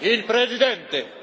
Il presidente.